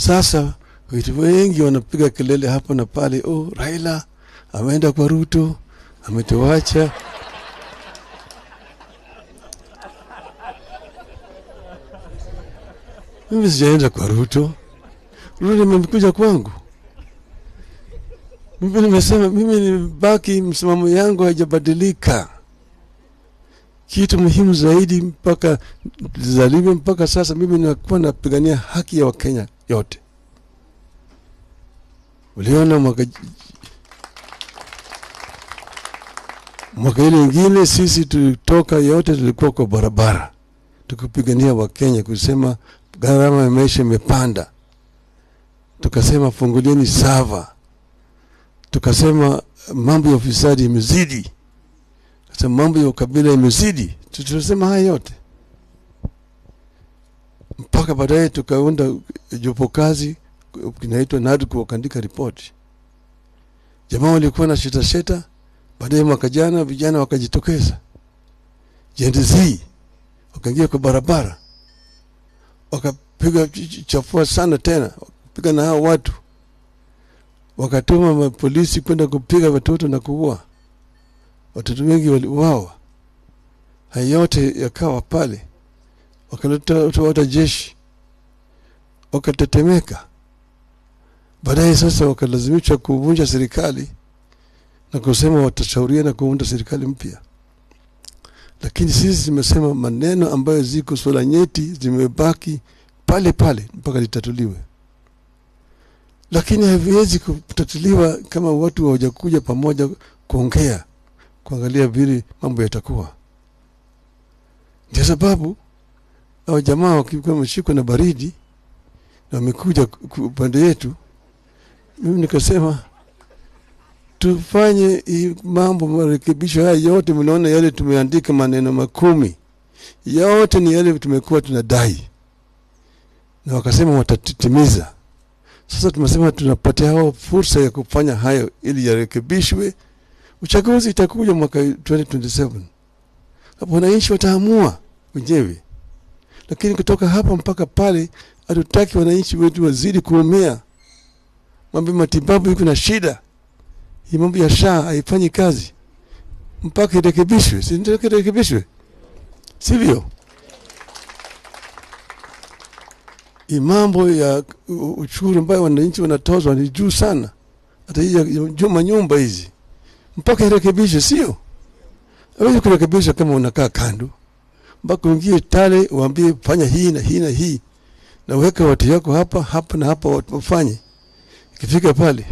Sasa wengi wanapiga kelele hapa na pale, oh, Raila ameenda kwa Ruto, ametuacha. Mimi sijaenda kwa Ruto, Ruto nimekuja kwangu mimi. Nimesema mimi nibaki msimamo yangu haijabadilika. Kitu muhimu zaidi mpaka zalivyo mpaka sasa, mimi nakuwa napigania haki ya Wakenya yote. Uliona mwaka mwaka ile ingine sisi tulitoka yote, tulikuwa kwa barabara tukipigania Wakenya kusema gharama ya maisha imepanda, tukasema fungulieni sava, tukasema mambo ya ufisadi imezidi, tukasema mambo ya ukabila imezidi, tulisema haya yote mpaka baadaye tukaunda jopo kazi kinaitwa NADC wakaandika ripoti. Jamaa walikuwa na sheta sheta, baadaye mwaka jana vijana wakajitokeza, Gen Z wakaingia kwa barabara, wakapiga chafua sana tena, wakapiga na hao watu, wakatuma mapolisi kwenda kupiga watoto na kuua watoto, wengi waliuawa. hayote yote yakawa pale, wakaleta watu jeshi wakatetemeka. Baadaye sasa wakalazimishwa kuvunja serikali na kusema watashauriana kuunda serikali mpya, lakini sisi zimesema maneno ambayo ziko swala nyeti zimebaki pale pale mpaka litatuliwe, lakini haviwezi kutatuliwa kama watu hawajakuja pamoja kuongea, kuangalia vile mambo yatakuwa. Ndio sababu hao jamaa wakiwa wameshikwa na baridi na wamekuja upande yetu. Mimi nikasema tufanye mambo marekebisho haya yote. Mnaona yale tumeandika maneno makumi yote ni yale tumekuwa tunadai, na wakasema watatimiza. Sasa tumesema tunapatia hao fursa ya kufanya hayo ili yarekebishwe. Uchaguzi itakuja mwaka 2027 hapo wananchi wataamua wenyewe, lakini kutoka hapa mpaka pale hatutaki wananchi wetu wazidi kuumia. Mambo ya matibabu iko na shida, hii mambo ya SHA haifanyi kazi mpaka irekebishwe, si ndio? irekebishwe, sivyo? Hii mambo ya ushuru ambayo wananchi wanatozwa ni juu sana, hata hii juma nyumba hizi mpaka irekebishwe, sio? Hawezi kurekebisha kama unakaa kando mpaka uingie tale, uambie fanya hii na hii na hii na uweke watu yako hapa hapa na hapa, watu wafanye ikifika pale